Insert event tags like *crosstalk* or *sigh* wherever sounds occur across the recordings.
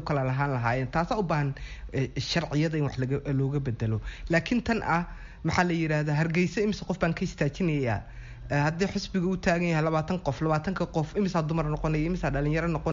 kala lahaan lahaayeen taasa u baahan eh, sharciyada in wax looga bedelo laakiin tan ah maxaa la yidhaahdaa hargeysa imise qof baan ka istaajinayaa eh, haddii xisbiga u taagan yahay labaatan qof labaatanka qof imisaa dumar noqonaya imisaa dhalinyaro noqon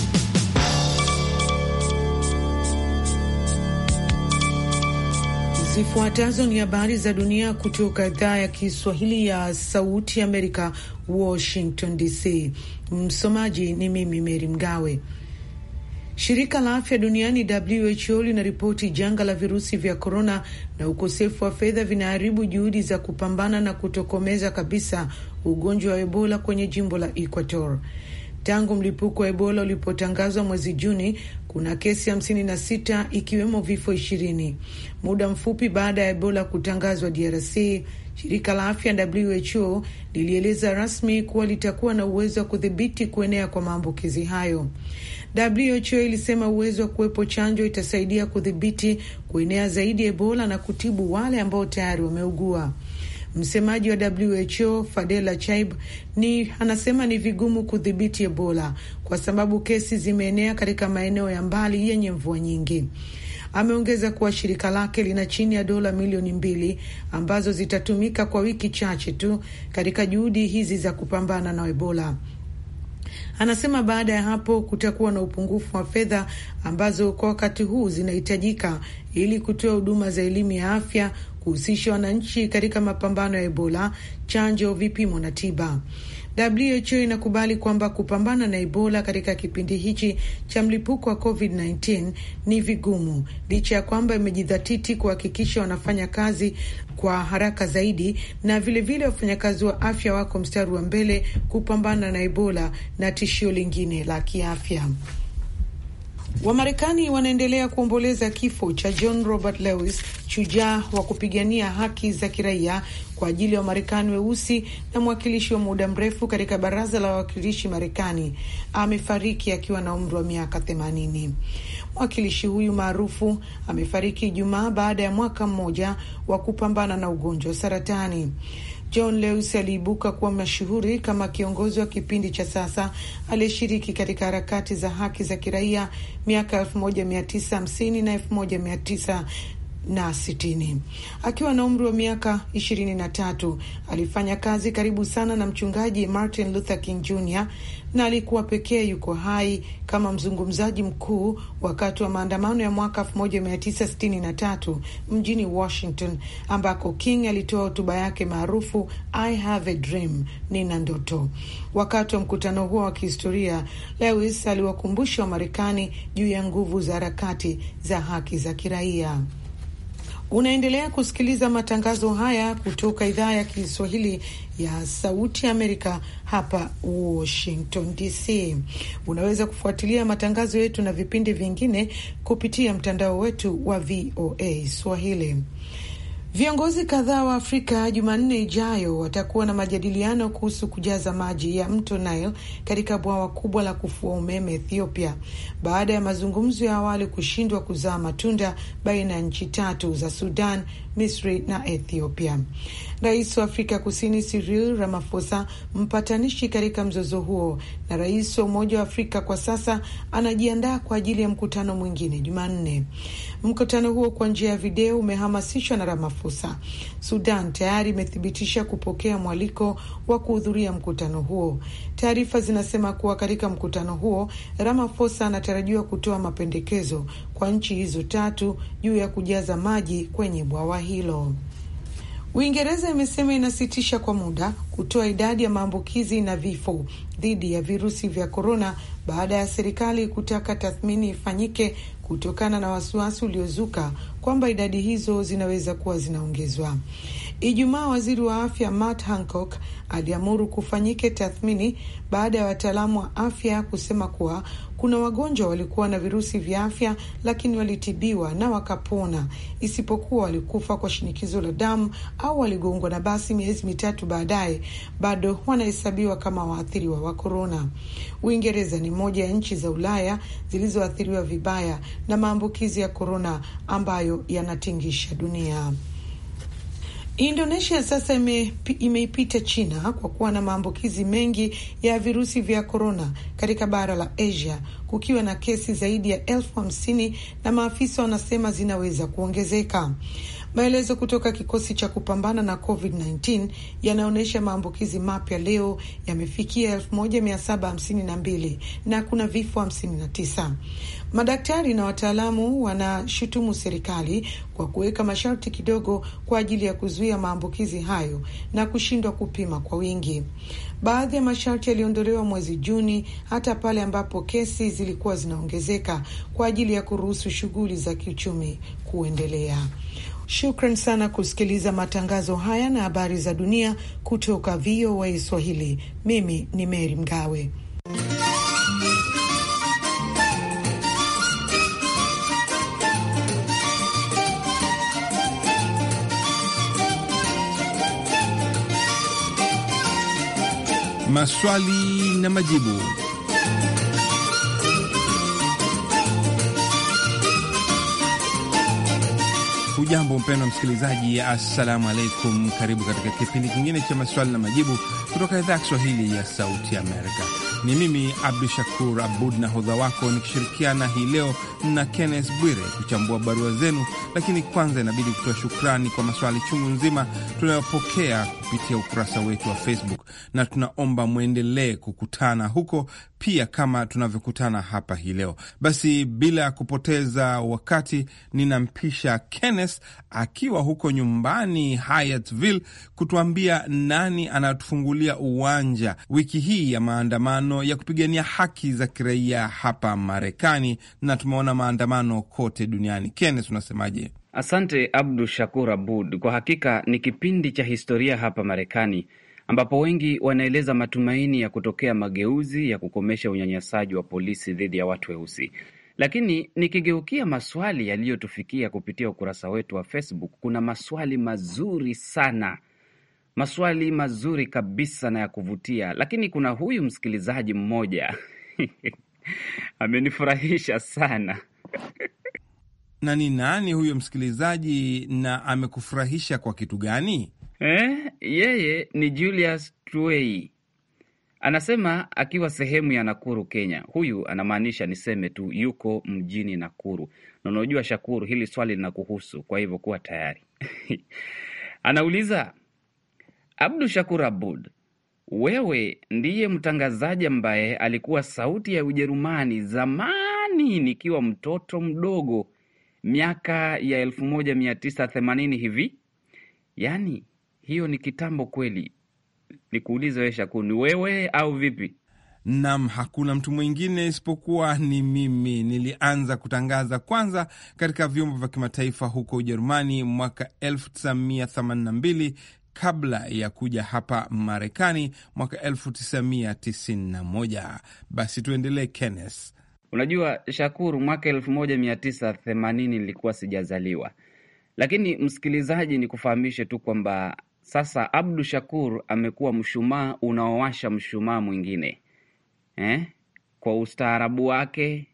Zifuatazo ni habari za dunia kutoka idhaa ya Kiswahili ya Sauti Amerika, Washington DC. Msomaji ni mimi Meri Mgawe. Shirika la afya duniani WHO linaripoti janga la virusi vya korona na ukosefu wa fedha vinaharibu juhudi za kupambana na kutokomeza kabisa ugonjwa wa Ebola kwenye jimbo la Equator tangu mlipuko wa Ebola ulipotangazwa mwezi Juni kuna kesi hamsini na sita ikiwemo vifo ishirini. Muda mfupi baada ya Ebola kutangazwa DRC, shirika la afya WHO lilieleza rasmi kuwa litakuwa na uwezo wa kudhibiti kuenea kwa maambukizi hayo. WHO ilisema uwezo wa kuwepo chanjo itasaidia kudhibiti kuenea zaidi Ebola na kutibu wale ambao tayari wameugua. Msemaji wa WHO Fadela Chaib ni anasema ni vigumu kudhibiti Ebola kwa sababu kesi zimeenea katika maeneo ya mbali yenye mvua nyingi. Ameongeza kuwa shirika lake lina chini ya dola milioni mbili ambazo zitatumika kwa wiki chache tu katika juhudi hizi za kupambana na Ebola. Anasema baada ya hapo kutakuwa na upungufu wa fedha ambazo kwa wakati huu zinahitajika ili kutoa huduma za elimu ya afya, kuhusisha wananchi katika mapambano ya Ebola, chanjo, vipimo na tiba. WHO inakubali kwamba kupambana na Ebola katika kipindi hichi cha mlipuko wa COVID-19 ni vigumu, licha ya kwamba imejidhatiti kuhakikisha wanafanya kazi kwa haraka zaidi, na vilevile wafanyakazi wa afya wako mstari wa mbele kupambana na Ebola na tishio lingine la kiafya. Wamarekani wanaendelea kuomboleza kifo cha John Robert Lewis, shujaa wa kupigania haki za kiraia kwa ajili ya wa Wamarekani weusi na mwakilishi wa muda mrefu katika baraza la wawakilishi Marekani. Amefariki akiwa na umri wa miaka themanini. Mwakilishi huyu maarufu amefariki Ijumaa baada ya mwaka mmoja wa kupambana na ugonjwa wa saratani. John Lewis aliibuka kuwa mashuhuri kama kiongozi wa kipindi cha sasa aliyeshiriki katika harakati za haki za kiraia miaka 1950 na 19 na sitini. Akiwa na umri wa miaka ishirini na tatu alifanya kazi karibu sana na mchungaji Martin Luther King Jr na alikuwa pekee yuko hai kama mzungumzaji mkuu wakati wa maandamano ya mwaka 1963 mjini Washington, ambako King alitoa hotuba yake maarufu I have a dream, nina ndoto. Wakati wa mkutano huo wa kihistoria, Lewis aliwakumbusha Wamarekani juu ya nguvu za harakati za haki za kiraia. Unaendelea kusikiliza matangazo haya kutoka idhaa ya Kiswahili ya Sauti Amerika hapa Washington DC. Unaweza kufuatilia matangazo yetu na vipindi vingine kupitia mtandao wetu wa VOA Swahili. Viongozi kadhaa wa Afrika Jumanne ijayo watakuwa na majadiliano kuhusu kujaza maji ya mto Nile katika bwawa kubwa la kufua umeme Ethiopia, baada ya mazungumzo ya awali kushindwa kuzaa matunda baina ya nchi tatu za Sudan, Misri na Ethiopia. Rais wa Afrika Kusini Cyril Ramaphosa, mpatanishi katika mzozo huo na rais wa Umoja wa Afrika kwa sasa, anajiandaa kwa ajili ya mkutano mwingine Jumanne. Mkutano huo kwa njia ya video umehamasishwa na Ramaphosa Ramaphosa. Sudan tayari imethibitisha kupokea mwaliko wa kuhudhuria mkutano huo. Taarifa zinasema kuwa katika mkutano huo Ramaphosa anatarajiwa kutoa mapendekezo kwa nchi hizo tatu juu ya kujaza maji kwenye bwawa hilo. Uingereza imesema inasitisha kwa muda kutoa idadi ya maambukizi na vifo dhidi ya virusi vya korona baada ya serikali kutaka tathmini ifanyike kutokana na wasiwasi uliozuka kwamba idadi hizo zinaweza kuwa zinaongezwa. Ijumaa waziri wa afya Matt Hancock aliamuru kufanyike tathmini baada ya wataalamu wa afya kusema kuwa kuna wagonjwa walikuwa na virusi vya afya lakini walitibiwa na wakapona, isipokuwa walikufa kwa shinikizo la damu au waligongwa na basi miezi mitatu baadaye, bado wanahesabiwa kama waathiriwa wa korona. Uingereza ni moja ya nchi za Ulaya zilizoathiriwa vibaya na maambukizi ya korona ambayo yanatingisha dunia. Indonesia sasa imeipita China kwa kuwa na maambukizi mengi ya virusi vya korona katika bara la Asia, kukiwa na kesi zaidi ya elfu hamsini na maafisa wanasema zinaweza kuongezeka. Maelezo kutoka kikosi cha kupambana na COVID-19 yanaonyesha maambukizi mapya leo yamefikia 1752 na kuna vifo 59. Madaktari na wataalamu wanashutumu serikali kwa kuweka masharti kidogo kwa ajili ya kuzuia maambukizi hayo na kushindwa kupima kwa wingi. Baadhi ya masharti yaliondolewa mwezi Juni, hata pale ambapo kesi zilikuwa zinaongezeka kwa ajili ya kuruhusu shughuli za kiuchumi kuendelea. Shukran sana kusikiliza matangazo haya na habari za dunia kutoka VOA Swahili. Mimi ni Meri Mgawe. maswali na majibu. Hujambo mpendwa msikilizaji, assalamu alaikum. Karibu katika kipindi kingine cha maswali na majibu kutoka idhaa ya Kiswahili ya Sauti Amerika. Ni mimi Abdu Shakur Abud na hodha wako nikishirikiana hii leo na Kennes Bwire kuchambua barua zenu, lakini kwanza inabidi kutoa shukrani kwa maswali chungu nzima tunayopokea kupitia ukurasa wetu wa Facebook, na tunaomba mwendelee kukutana huko pia kama tunavyokutana hapa hii leo. Basi bila ya kupoteza wakati, ninampisha Kennes akiwa huko nyumbani Hyattsville kutuambia nani anatufungulia kuchukulia uwanja wiki hii ya maandamano ya kupigania haki za kiraia hapa Marekani, na tumeona maandamano kote duniani. Kenneth, unasemaje? Asante Abdu Shakur Abud. Kwa hakika ni kipindi cha historia hapa Marekani ambapo wengi wanaeleza matumaini ya kutokea mageuzi ya kukomesha unyanyasaji wa polisi dhidi ya watu weusi. Lakini nikigeukia maswali yaliyotufikia kupitia ukurasa wetu wa Facebook, kuna maswali mazuri sana Maswali mazuri kabisa na ya kuvutia, lakini kuna huyu msikilizaji mmoja *laughs* amenifurahisha sana *laughs* na ni nani huyo msikilizaji na amekufurahisha kwa kitu gani? Eh, yeye ni Julius Twei anasema akiwa sehemu ya Nakuru, Kenya. Huyu anamaanisha niseme tu yuko mjini Nakuru, na unajua Shakuru, hili swali linakuhusu, kwa hivyo kuwa tayari. *laughs* Anauliza, Abdu Shakur Abud, wewe ndiye mtangazaji ambaye alikuwa sauti ya Ujerumani zamani nikiwa mtoto mdogo miaka ya elfu moja mia tisa themanini hivi. Yaani hiyo ni kitambo kweli. Nikuulize wewe Shakur, ni wewe au vipi? Nam, hakuna mtu mwingine isipokuwa ni mimi. Nilianza kutangaza kwanza katika vyombo vya kimataifa huko Ujerumani mwaka 1982 kabla ya kuja hapa Marekani mwaka 1991. Basi tuendelee, Kenneth. Unajua Shakuru, mwaka 1980 nilikuwa sijazaliwa, lakini msikilizaji, ni kufahamishe tu kwamba sasa Abdu Shakur amekuwa mshumaa unaowasha mshumaa mwingine eh? Kwa ustaarabu wake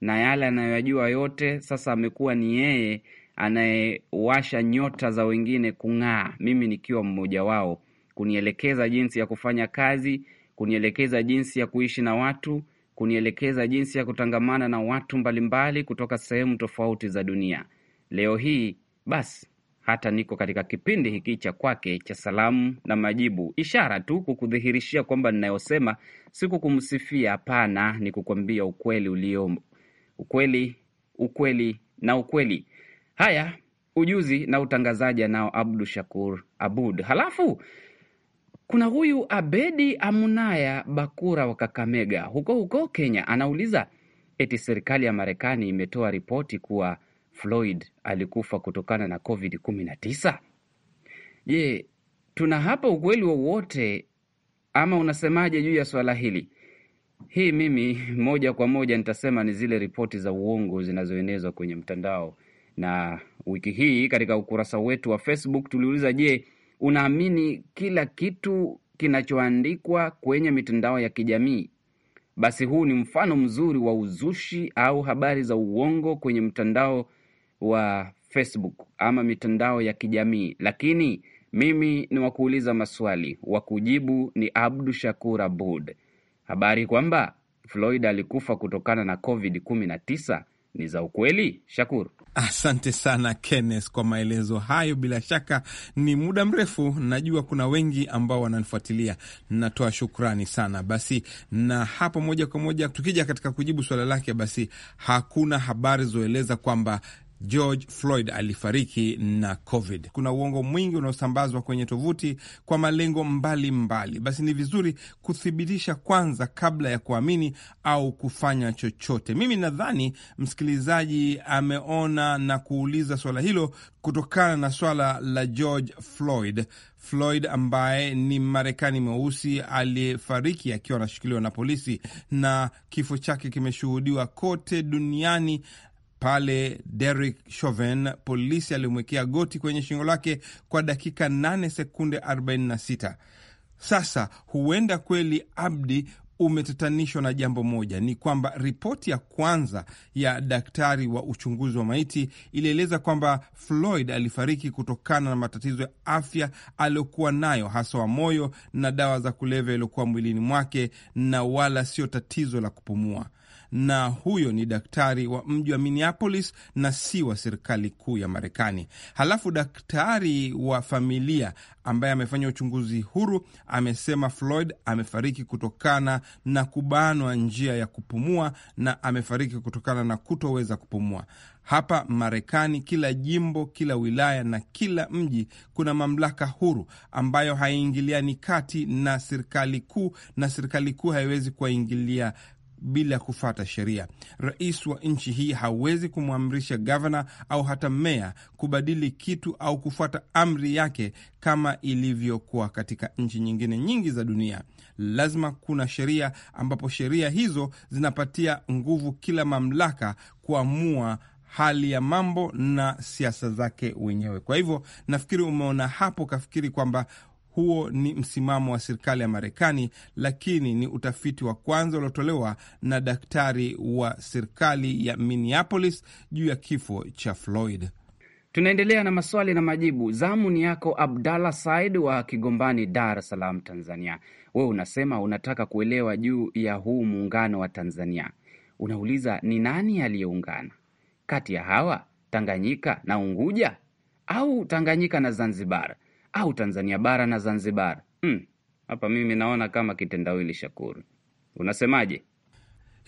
na yale anayoyajua yote, sasa amekuwa ni yeye anayewasha nyota za wengine kung'aa, mimi nikiwa mmoja wao, kunielekeza jinsi ya kufanya kazi, kunielekeza jinsi ya kuishi na watu, kunielekeza jinsi ya kutangamana na watu mbalimbali kutoka sehemu tofauti za dunia. Leo hii basi hata niko katika kipindi hiki cha kwake cha salamu na majibu, ishara tu kukudhihirishia kwamba ninayosema si kukumsifia. Hapana, ni kukwambia ukweli ulio ukweli, ukweli na ukweli. Haya, ujuzi na utangazaji anao Abdu Shakur Abud. Halafu kuna huyu Abedi Amunaya Bakura wa Kakamega, huko huko Kenya, anauliza eti serikali ya Marekani imetoa ripoti kuwa Floyd alikufa kutokana na Covid 19. Je, tuna hapa ukweli wowote ama unasemaje juu ya swala hili? Hii mimi moja kwa moja nitasema ni zile ripoti za uongo zinazoenezwa kwenye mtandao na wiki hii katika ukurasa wetu wa Facebook tuliuliza, je, unaamini kila kitu kinachoandikwa kwenye mitandao ya kijamii? Basi huu ni mfano mzuri wa uzushi au habari za uongo kwenye mtandao wa Facebook ama mitandao ya kijamii. Lakini mimi ni wakuuliza maswali, wa kujibu ni Abdu Shakur Abud. Habari kwamba Floyd alikufa kutokana na COVID 19 ni za ukweli, Shakuru? Asante sana Kenneth kwa maelezo hayo. Bila shaka ni muda mrefu, najua kuna wengi ambao wananifuatilia, natoa shukrani sana. Basi na hapo moja kwa moja tukija katika kujibu swala lake, basi hakuna habari zoeleza kwamba George Floyd alifariki na COVID. Kuna uongo mwingi unaosambazwa kwenye tovuti kwa malengo mbalimbali mbali. Basi ni vizuri kuthibitisha kwanza kabla ya kuamini au kufanya chochote. Mimi nadhani msikilizaji ameona na kuuliza swala hilo kutokana na swala la George Floyd. Floyd ambaye ni Marekani mweusi aliyefariki akiwa anashikiliwa na polisi, na kifo chake kimeshuhudiwa kote duniani pale Derek Chauvin, polisi alimwekea goti kwenye shingo lake kwa dakika 8 sekunde 46. Sasa huenda kweli Abdi umetatanishwa na jambo moja, ni kwamba ripoti ya kwanza ya daktari wa uchunguzi wa maiti ilieleza kwamba Floyd alifariki kutokana na matatizo ya afya aliyokuwa nayo, hasa wa moyo na dawa za kulevya iliyokuwa mwilini mwake, na wala sio tatizo la kupumua na huyo ni daktari wa mji wa Minneapolis na si wa serikali kuu ya Marekani. Halafu daktari wa familia ambaye amefanya uchunguzi huru amesema Floyd amefariki kutokana na kubanwa njia ya kupumua na amefariki kutokana na kutoweza kupumua. Hapa Marekani, kila jimbo, kila wilaya na kila mji kuna mamlaka huru ambayo haiingiliani kati na serikali kuu, na serikali kuu haiwezi kuwaingilia bila ya kufata sheria. Rais wa nchi hii hawezi kumwamrisha gavana au hata meya kubadili kitu au kufuata amri yake kama ilivyokuwa katika nchi nyingine nyingi za dunia. Lazima kuna sheria, ambapo sheria hizo zinapatia nguvu kila mamlaka kuamua hali ya mambo na siasa zake wenyewe. Kwa hivyo nafikiri umeona hapo, kafikiri kwamba huo ni msimamo wa serikali ya Marekani, lakini ni utafiti wa kwanza uliotolewa na daktari wa serikali ya Minneapolis juu ya kifo cha Floyd. Tunaendelea na maswali na majibu. Zamu ni yako Abdallah Said wa Kigombani, Dar es Salaam, Tanzania. Wewe unasema unataka kuelewa juu ya huu muungano wa Tanzania. Unauliza ni nani aliyeungana kati ya hawa Tanganyika na Unguja au Tanganyika na Zanzibar? au Tanzania bara na Zanzibar. Hmm, hapa mimi naona kama kitendawili, Shakuru, unasemaje?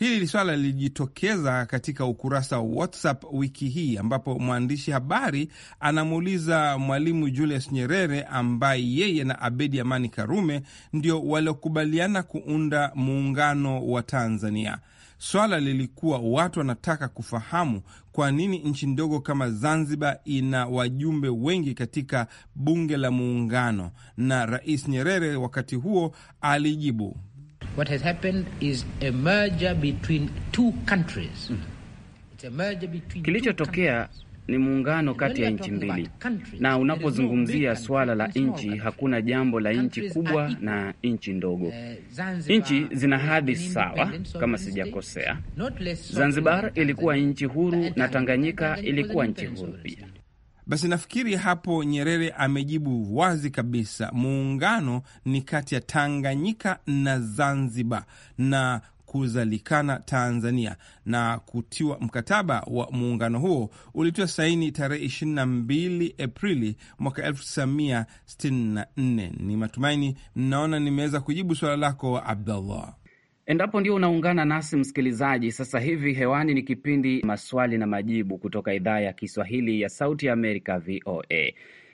Hili swala lilijitokeza katika ukurasa wa WhatsApp wiki hii ambapo mwandishi habari anamuuliza Mwalimu Julius Nyerere ambaye yeye na Abedi Amani Karume ndio waliokubaliana kuunda muungano wa Tanzania. Swala lilikuwa watu wanataka kufahamu kwa nini nchi ndogo kama Zanzibar ina wajumbe wengi katika bunge la muungano, na Rais Nyerere wakati huo alijibu What has happened is a merger between two countries. Mm. It's a merger between kilichotokea ni muungano kati ya nchi mbili, na unapozungumzia swala la nchi, hakuna jambo la nchi kubwa na nchi ndogo. Eh, nchi zina hadhi sawa, kama sijakosea. Zanzibar ilikuwa nchi huru na Tanganyika ilikuwa nchi huru pia. Basi nafikiri hapo Nyerere amejibu wazi kabisa. Muungano ni kati ya Tanganyika na Zanzibar na kuzalikana Tanzania na kutiwa mkataba wa muungano huo ulitiwa saini tarehe 22 Aprili mwaka 1964. Ni matumaini mnaona nimeweza kujibu suala lako Abdullah. Endapo ndio unaungana nasi msikilizaji, sasa hivi hewani ni kipindi maswali na majibu kutoka idhaa ya Kiswahili ya Sauti ya Amerika, VOA.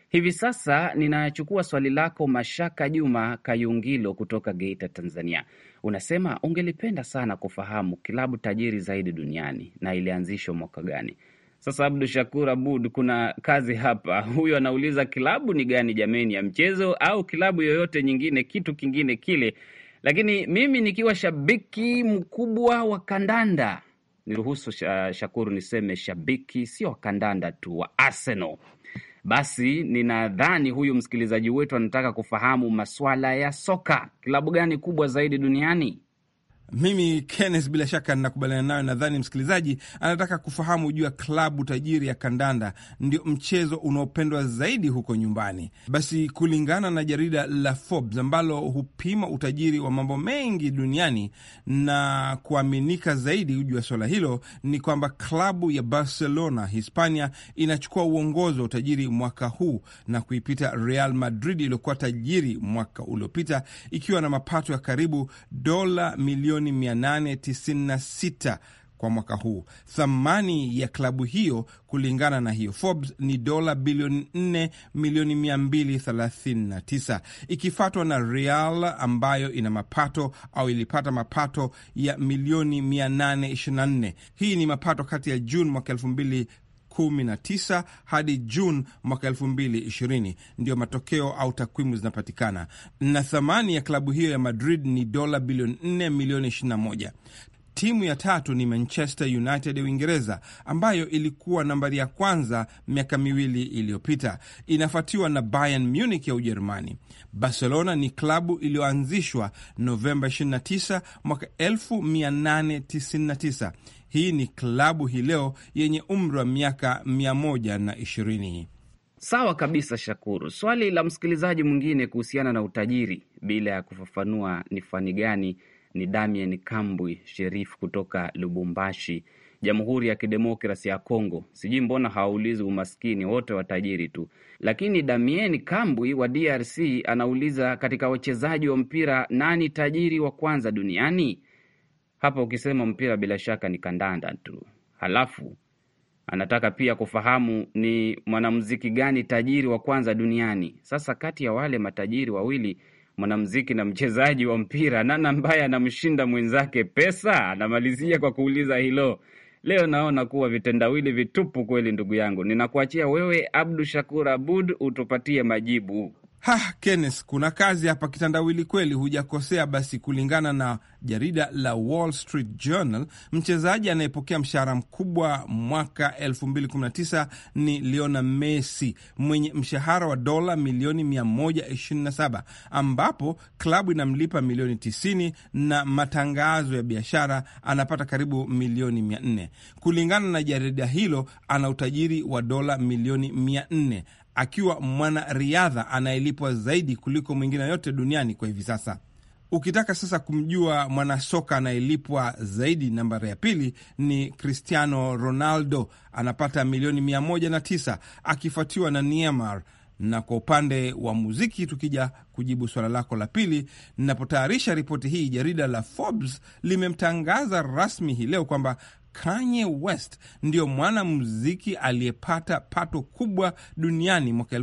Hivi sasa ninachukua swali lako Mashaka Juma Kayungilo kutoka Geita, Tanzania. Unasema ungelipenda sana kufahamu kilabu tajiri zaidi duniani na ilianzishwa mwaka gani? Sasa Abdu Shakur Abud, kuna kazi hapa. Huyu anauliza kilabu ni gani jameni, ya mchezo au kilabu yoyote nyingine, kitu kingine kile lakini mimi nikiwa shabiki mkubwa wa kandanda, niruhusu Shakuru niseme shabiki sio wa kandanda tu, wa Arsenal, basi ninadhani huyu msikilizaji wetu anataka kufahamu maswala ya soka, klabu gani kubwa zaidi duniani? Mimi Kenneth, bila shaka ninakubaliana nayo. Nadhani msikilizaji anataka kufahamu juu ya klabu tajiri ya kandanda, ndio mchezo unaopendwa zaidi huko nyumbani. Basi kulingana na jarida la Forbes ambalo hupima utajiri wa mambo mengi duniani na kuaminika zaidi juu ya swala hilo, ni kwamba klabu ya Barcelona Hispania inachukua uongozi wa utajiri mwaka huu na kuipita Real Madrid iliyokuwa tajiri mwaka uliopita ikiwa na mapato ya karibu dola milioni milioni 896 kwa mwaka huu. Thamani ya klabu hiyo kulingana na hiyo Forbes ni dola bilioni 4 milioni 239, ikifuatwa na Real ambayo ina mapato au ilipata mapato ya milioni 824. Hii ni mapato kati ya Juni mwaka 19 hadi Juni mwaka 2020, ndiyo matokeo au takwimu zinapatikana, na thamani ya klabu hiyo ya Madrid ni dola bilioni 4 milioni 21. Timu ya tatu ni Manchester United ya Uingereza, ambayo ilikuwa nambari ya kwanza miaka miwili iliyopita, inafuatiwa na Bayern Munich ya Ujerumani. Barcelona ni klabu iliyoanzishwa Novemba 29 mwaka 1899 hii ni klabu hii leo yenye umri wa miaka mia moja na ishirini. Sawa kabisa, Shakuru. Swali la msikilizaji mwingine kuhusiana na utajiri, bila ya kufafanua ni fani gani, ni Damien Kambwi sherif kutoka Lubumbashi, Jamhuri ya Kidemokrasi ya Kongo. Sijui mbona hawaulizi umaskini, wote watajiri tu. Lakini Damien Kambwi wa DRC anauliza, katika wachezaji wa mpira nani tajiri wa kwanza duniani? Hapa ukisema mpira bila shaka ni kandanda tu. Halafu anataka pia kufahamu ni mwanamuziki gani tajiri wa kwanza duniani. Sasa kati ya wale matajiri wawili, mwanamuziki na mchezaji wa mpira, nani ambaye anamshinda mwenzake pesa? Anamalizia kwa kuuliza hilo. Leo naona kuwa vitendawili vitupu kweli, ndugu yangu. Ninakuachia wewe Abdu Shakur Abud utupatie majibu. Ha, Kenneth, kuna kazi hapa kitandawili kweli, hujakosea. Basi kulingana na jarida la Wall Street Journal, mchezaji anayepokea mshahara mkubwa mwaka 2019 ni Lionel Messi mwenye mshahara wa dola milioni 127, ambapo klabu inamlipa milioni 90 na matangazo ya biashara anapata karibu milioni 400. Kulingana na jarida hilo, ana utajiri wa dola milioni 400 akiwa mwanariadha anayelipwa zaidi kuliko mwingine yote duniani kwa hivi sasa. Ukitaka sasa kumjua mwanasoka anayelipwa zaidi, nambari ya pili ni Cristiano Ronaldo, anapata milioni tisa akifuatiwa na Neymar. Na kwa upande wa muziki, tukija kujibu suala lako la pili, ninapotayarisha ripoti hii, jarida la Forbes limemtangaza rasmi hii leo kwamba Kanye West ndiyo mwanamuziki aliyepata pato kubwa duniani mwaka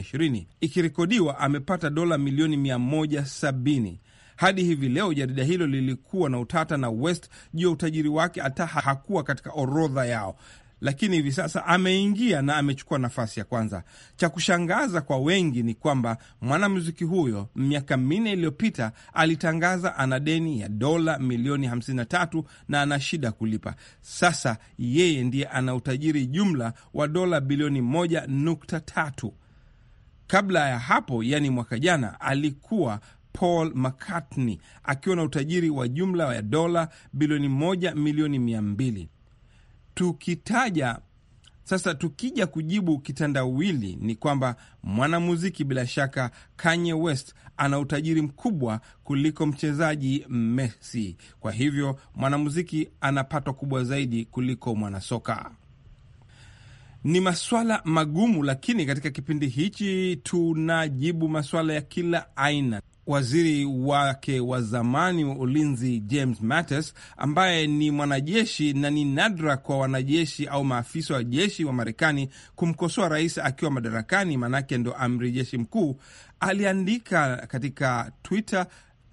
ishirini. ikirekodiwa amepata dola milioni 170. Hadi hivi leo jarida hilo lilikuwa na utata na West juu ya utajiri wake, hata hakuwa katika orodha yao lakini hivi sasa ameingia na amechukua nafasi ya kwanza. Cha kushangaza kwa wengi ni kwamba mwanamuziki huyo miaka minne iliyopita alitangaza ana deni ya dola milioni 53 na ana shida kulipa. Sasa yeye ndiye ana utajiri jumla wa dola bilioni 1.3. Kabla ya hapo, yani mwaka jana, alikuwa Paul McCartney akiwa na utajiri wa jumla ya dola bilioni moja milioni mbili tukitaja sasa tukija kujibu kitandawili ni kwamba mwanamuziki bila shaka Kanye West ana utajiri mkubwa kuliko mchezaji Messi. Kwa hivyo mwanamuziki anapatwa kubwa zaidi kuliko mwanasoka. Ni maswala magumu, lakini katika kipindi hichi tunajibu maswala ya kila aina waziri wake wa zamani wa ulinzi James Mattis, ambaye ni mwanajeshi na ni nadra kwa wanajeshi au maafisa wa jeshi wa Marekani kumkosoa rais akiwa madarakani, maanake ndo amri jeshi mkuu, aliandika katika Twitter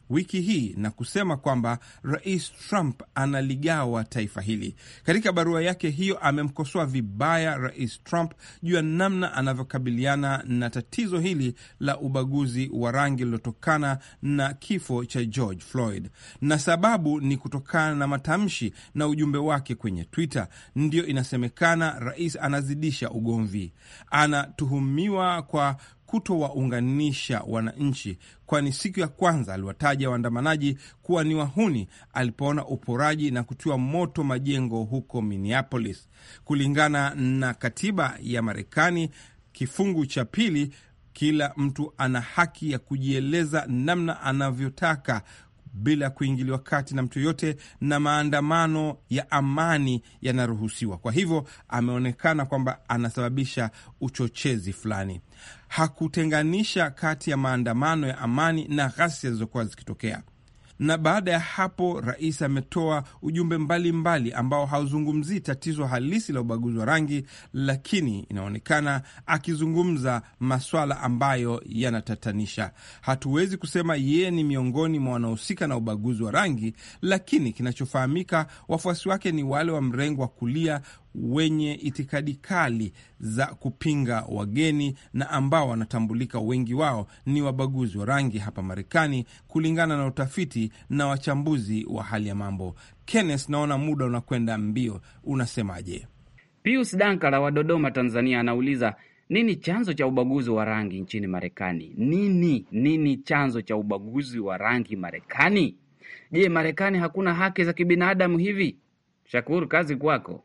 wiki hii na kusema kwamba Rais Trump analigawa taifa hili. Katika barua yake hiyo, amemkosoa vibaya Rais Trump juu ya namna anavyokabiliana na tatizo hili la ubaguzi wa rangi lilotokana na kifo cha George Floyd, na sababu ni kutokana na matamshi na ujumbe wake kwenye Twitter. Ndiyo inasemekana rais anazidisha ugomvi, anatuhumiwa kwa kutowaunganisha wananchi, kwani siku ya kwanza aliwataja waandamanaji kuwa ni wahuni alipoona uporaji na kutiwa moto majengo huko Minneapolis. Kulingana na katiba ya Marekani, kifungu cha pili, kila mtu ana haki ya kujieleza namna anavyotaka bila kuingiliwa kati na mtu yoyote, na maandamano ya amani yanaruhusiwa. Kwa hivyo ameonekana kwamba anasababisha uchochezi fulani. Hakutenganisha kati ya maandamano ya amani na ghasia zilizokuwa zikitokea na baada ya hapo rais ametoa ujumbe mbalimbali mbali ambao hauzungumzii tatizo halisi la ubaguzi wa rangi, lakini inaonekana akizungumza maswala ambayo yanatatanisha. Hatuwezi kusema yeye ni miongoni mwa wanaohusika na ubaguzi wa rangi, lakini kinachofahamika, wafuasi wake ni wale wa mrengo wa kulia wenye itikadi kali za kupinga wageni na ambao wanatambulika wengi wao ni wabaguzi wa rangi hapa Marekani, kulingana na utafiti na wachambuzi wa hali ya mambo. Kenneth, naona muda unakwenda mbio, unasemaje? Pius Dankala wa Dodoma, Tanzania, anauliza nini chanzo cha ubaguzi wa rangi nchini Marekani? Nini nini chanzo cha ubaguzi wa rangi Marekani? Je, Marekani hakuna haki za kibinadamu hivi? Shakuru, kazi kwako.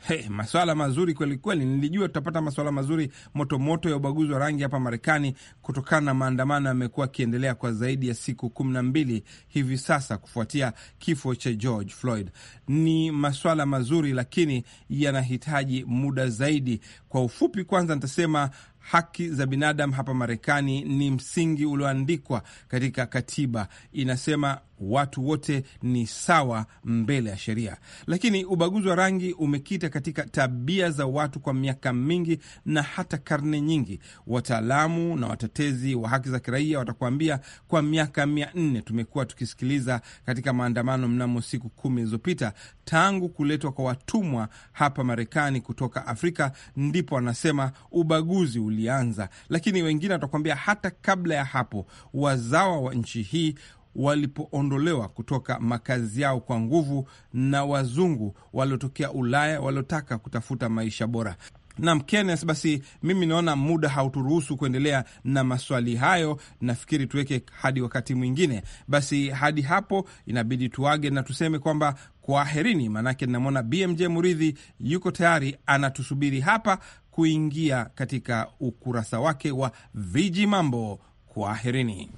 Hey, maswala mazuri kweli kweli. Nilijua tutapata maswala mazuri moto moto ya ubaguzi wa rangi hapa Marekani kutokana na maandamano yamekuwa akiendelea kwa zaidi ya siku kumi na mbili hivi sasa kufuatia kifo cha George Floyd. Ni maswala mazuri, lakini yanahitaji muda zaidi. Kwa ufupi, kwanza nitasema haki za binadamu hapa Marekani ni msingi ulioandikwa katika katiba, inasema watu wote ni sawa mbele ya sheria. Lakini ubaguzi wa rangi umekita katika tabia za watu kwa miaka mingi na hata karne nyingi. Wataalamu na watetezi wa haki za kiraia watakuambia kwa miaka mia nne tumekuwa tukisikiliza katika maandamano mnamo siku kumi zilizopita tangu kuletwa kwa watumwa hapa Marekani kutoka Afrika, ndipo wanasema ubaguzi ulianza. Lakini wengine watakuambia hata kabla ya hapo wazawa wa nchi hii walipoondolewa kutoka makazi yao kwa nguvu na wazungu waliotokea Ulaya waliotaka kutafuta maisha bora. Nam Kennes, basi mimi naona muda hauturuhusu kuendelea na maswali hayo. Nafikiri tuweke hadi wakati mwingine. Basi hadi hapo inabidi tuage na tuseme kwamba kwaherini, maanake namwona BMJ Muridhi yuko tayari anatusubiri hapa kuingia katika ukurasa wake wa viji mambo. Kwaherini.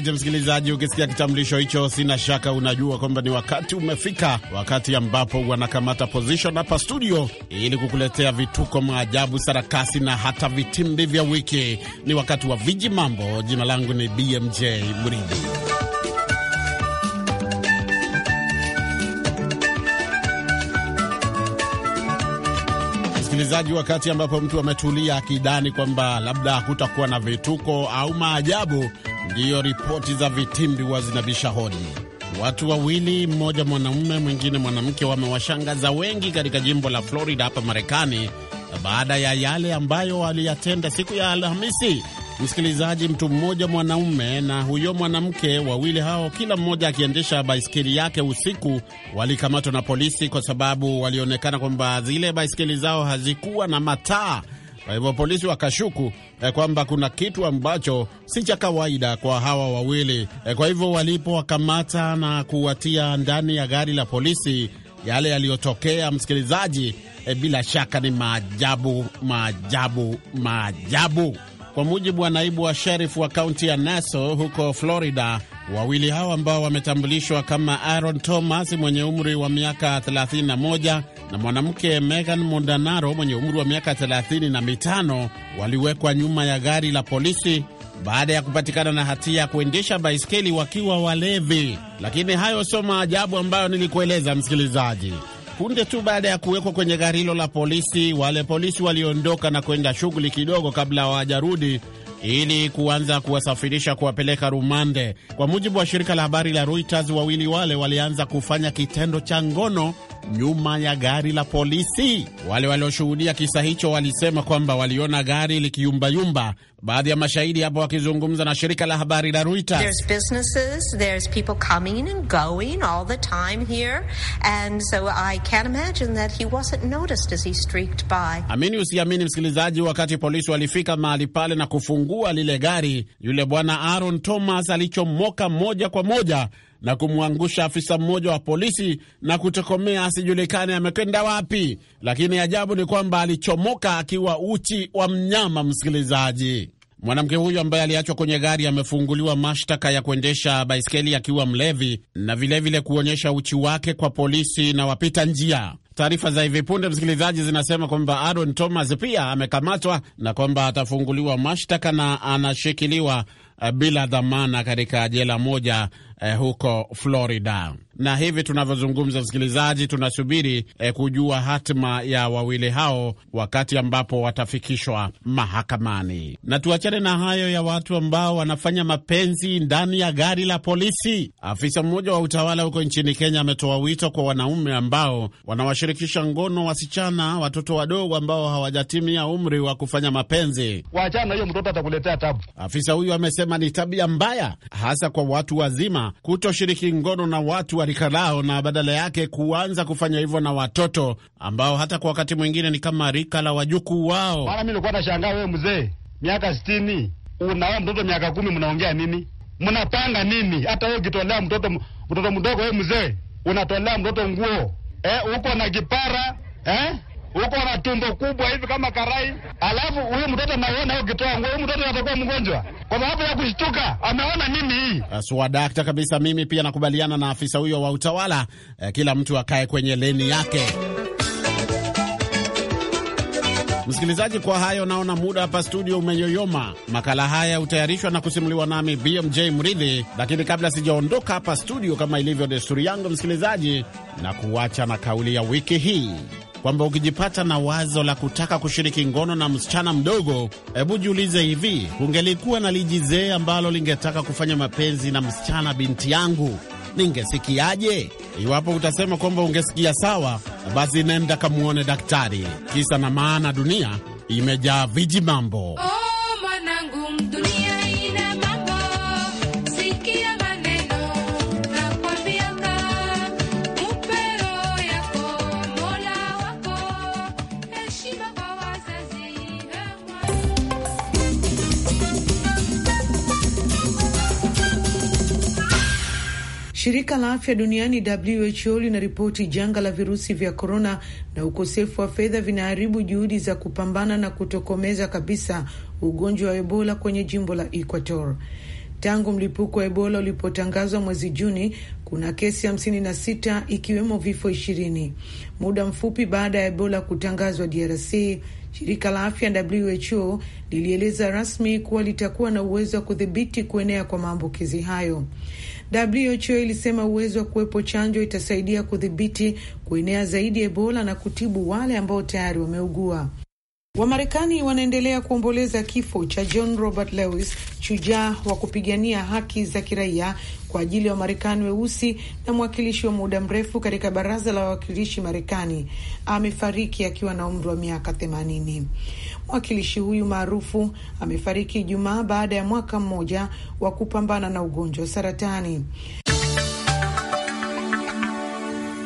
Mkamiti msikilizaji, ukisikia kitambulisho hicho, sina shaka unajua kwamba ni wakati umefika, wakati ambapo wanakamata position hapa studio ili kukuletea vituko, maajabu, sarakasi na hata vitimbi vya wiki. Ni wakati wa viji mambo. Jina langu ni BMJ Mridhi. Msikilizaji, wakati ambapo mtu ametulia akidhani kwamba labda hakutakuwa na vituko au maajabu ndiyo ripoti za vitimbiwa zinabisha hodi. Watu wawili, mmoja mwanamume mwingine mwanamke, wamewashangaza wengi katika jimbo la Florida hapa Marekani baada ya yale ambayo waliyatenda siku ya Alhamisi. Msikilizaji, mtu mmoja mwanaume na huyo mwanamke, wawili hao, kila mmoja akiendesha baiskeli yake usiku, walikamatwa na polisi kwa sababu walionekana kwamba zile baiskeli zao hazikuwa na mataa kwa hivyo polisi wakashuku eh, kwamba kuna kitu ambacho si cha kawaida kwa hawa wawili eh, kwa hivyo walipowakamata na kuwatia ndani ya gari la polisi, yale yaliyotokea msikilizaji, eh, bila shaka ni maajabu, maajabu, maajabu. Kwa mujibu wa naibu wa sherifu wa kaunti ya Naso huko Florida, wawili hao ambao wametambulishwa kama Aaron Thomas mwenye umri wa miaka 31 na mwanamke Megan Mondanaro mwenye umri wa miaka 35 waliwekwa nyuma ya gari la polisi baada ya kupatikana na hatia ya kuendesha baiskeli wakiwa walevi. Lakini hayo sio maajabu ambayo nilikueleza msikilizaji. Punde tu baada ya kuwekwa kwenye gari hilo la polisi, wale polisi waliondoka na kwenda shughuli kidogo kabla hawajarudi ili kuanza kuwasafirisha kuwapeleka rumande. Kwa mujibu wa shirika la habari la Reuters, wawili wale walianza kufanya kitendo cha ngono nyuma ya gari la polisi. Wale walioshuhudia kisa hicho walisema kwamba waliona gari likiyumbayumba. Baadhi ya mashahidi hapo wakizungumza na shirika la habari la Reuters, amini usiamini, msikilizaji, wakati polisi walifika mahali pale na kufungua lile gari, yule bwana Aaron Thomas alichomoka moja kwa moja na kumwangusha afisa mmoja wa polisi na kutokomea asijulikane amekwenda wapi. Lakini ajabu ni kwamba alichomoka akiwa uchi wa mnyama, msikilizaji. Mwanamke huyu ambaye aliachwa kwenye gari amefunguliwa mashtaka ya kuendesha baiskeli akiwa mlevi na vilevile vile kuonyesha uchi wake kwa polisi na wapita njia. Taarifa za hivi punde, msikilizaji, zinasema kwamba Aaron Thomas pia amekamatwa na kwamba atafunguliwa mashtaka na anashikiliwa eh, bila dhamana katika jela moja eh, huko Florida. Na hivi tunavyozungumza, msikilizaji, tunasubiri eh, kujua hatima ya wawili hao wakati ambapo watafikishwa mahakamani. Na tuachane na hayo ya watu ambao wanafanya mapenzi ndani ya gari la polisi. Afisa mmoja wa utawala huko nchini Kenya ametoa wito kwa wanaume ambao wanawashirikisha ngono wasichana, watoto wadogo ambao hawajatimia umri wa kufanya mapenzi. Wachana hiyo, mtoto atakuletea tabu. Afisa huyu amesema ni tabia mbaya, hasa kwa watu wazima kutoshiriki ngono na watu wa rika lao na badala yake kuanza kufanya hivyo na watoto ambao hata kwa wakati mwingine ni kama rika la wajukuu wao. Mara mi nilikuwa nashangaa, wewe mzee miaka sitini unawa mtoto miaka kumi, mnaongea nini? Mnapanga nini? Hata wewe ukitolea mtoto mtoto mdogo, wewe mzee unatolea mtoto nguo eh, uko na kipara eh? huko na tumbo kubwa hivi kama karai, alafu huyu mtoto anauona ukitoa nguo, huyu mtoto atakuwa mgonjwa kwa sababu ya kushtuka, ameona nini hii? Swadakta kabisa, mimi pia nakubaliana na afisa huyo wa utawala eh, kila mtu akae kwenye leni yake. Msikilizaji, kwa hayo naona muda hapa studio umeyoyoma. Makala haya hutayarishwa na kusimuliwa nami BMJ Mridhi, lakini kabla sijaondoka hapa studio, kama ilivyo desturi yangu, msikilizaji, na kuacha na kauli ya wiki hii kwamba ukijipata na wazo la kutaka kushiriki ngono na msichana mdogo, hebu jiulize hivi, kungelikuwa na lijizee ambalo lingetaka kufanya mapenzi na msichana binti yangu, ningesikiaje? Iwapo utasema kwamba ungesikia sawa, basi nenda kamuone daktari. Kisa na maana, dunia imejaa viji mambo. Oh, Shirika la afya duniani WHO linaripoti janga la virusi vya korona na ukosefu wa fedha vinaharibu juhudi za kupambana na kutokomeza kabisa ugonjwa wa Ebola kwenye jimbo la Equator. Tangu mlipuko wa Ebola ulipotangazwa mwezi Juni, kuna kesi hamsini na sita ikiwemo vifo ishirini. Muda mfupi baada ya Ebola kutangazwa DRC Shirika la afya WHO lilieleza rasmi kuwa litakuwa na uwezo wa kudhibiti kuenea kwa maambukizi hayo. WHO ilisema uwezo wa kuwepo chanjo itasaidia kudhibiti kuenea zaidi Ebola na kutibu wale ambao tayari wameugua. Wamarekani wanaendelea kuomboleza kifo cha John Robert Lewis, shujaa wa kupigania haki za kiraia kwa ajili ya Wamarekani weusi na mwakilishi wa muda mrefu katika baraza la wawakilishi Marekani. Amefariki akiwa na umri wa miaka themanini. Mwakilishi huyu maarufu amefariki Ijumaa baada ya mwaka mmoja wa kupambana na ugonjwa wa saratani.